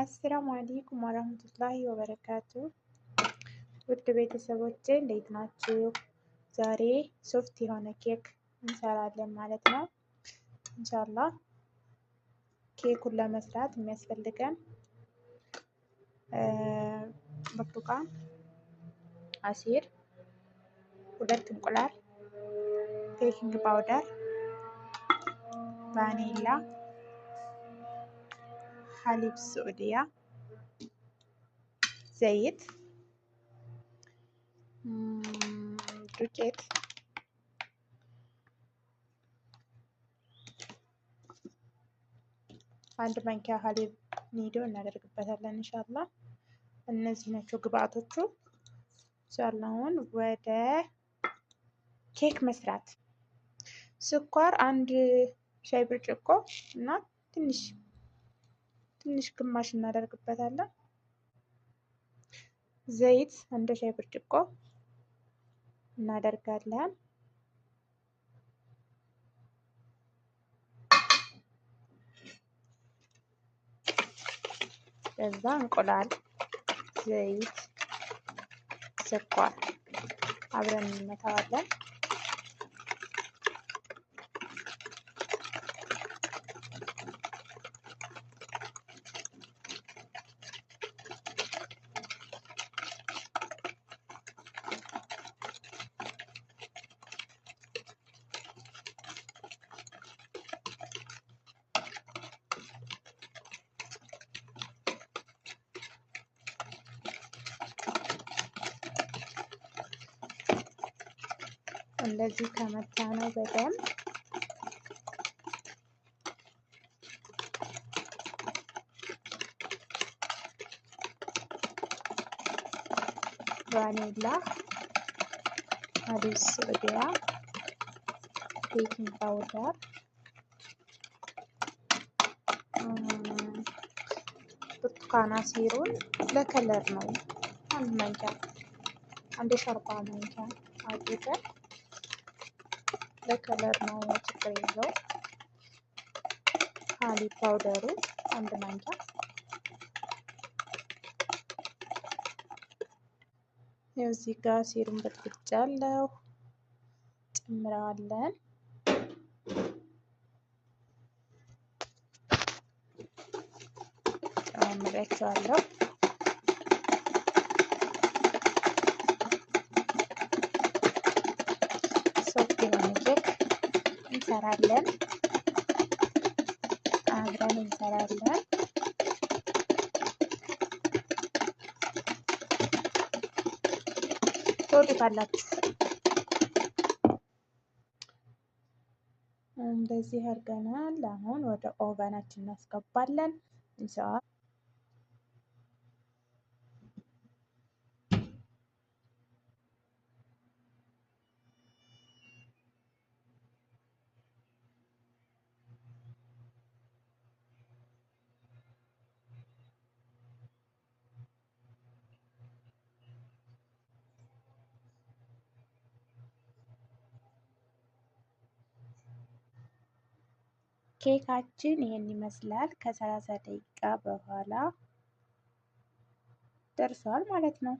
አሰላሙ አለይኩም ወራህመቱላሂ ወበረካቱ። ውድ ቤተሰቦቼ እንዴት ናችሁ? ዛሬ ሶፍት የሆነ ኬክ እንሰራለን ማለት ነው። እንሻላ ኬኩን ለመስራት የሚያስፈልገን ብርቱካን፣ አሲር፣ ሁለት እንቁላል፣ ቤኪንግ ፓውደር፣ ቫኒላ حليب السعودية ዘይት ዱቄት አንድ ማንኪያ ሀሊብ ኒዶ እናደርግበታለን እንሻላ። እነዚህ ናቸው ግብአቶቹ። ቻላውን ወደ ኬክ መስራት ስኳር አንድ ሻይ ብርጭቆ እና ትንሽ ትንሽ ግማሽ እናደርግበታለን። ዘይት አንድ ሻይ ብርጭቆ እናደርጋለን። ከዛ እንቁላል፣ ዘይት፣ ስኳር አብረን እንመታዋለን። እንደዚህ ከመታ ነው በደንብ ቫኒላ፣ አዲስ ሶዲያ፣ ቤኪንግ ፓውደር ብርቱካን ሲሩን ለከለር ነው። አንድ ማንኪያ አንድ ሾርባ ማንኪያ አድርገን ለከለር ነው ችግር የለው። ካሊ ፓውደሩ አንድ ማንኪያ፣ እዚህ ጋር ሲሩም በጥብጫ አለው ጨምረዋለን። ጨማምሪያቸዋለሁ እንሰራለን። አብረን እንሰራለን። ትወዱታላችሁ። እንደዚህ አድርገናል። አሁን ወደ ኦቨናችን እናስገባለን እንሰዋ ኬካችን ይህን ይመስላል። ከሰላሳ ደቂቃ በኋላ ደርሷል ማለት ነው።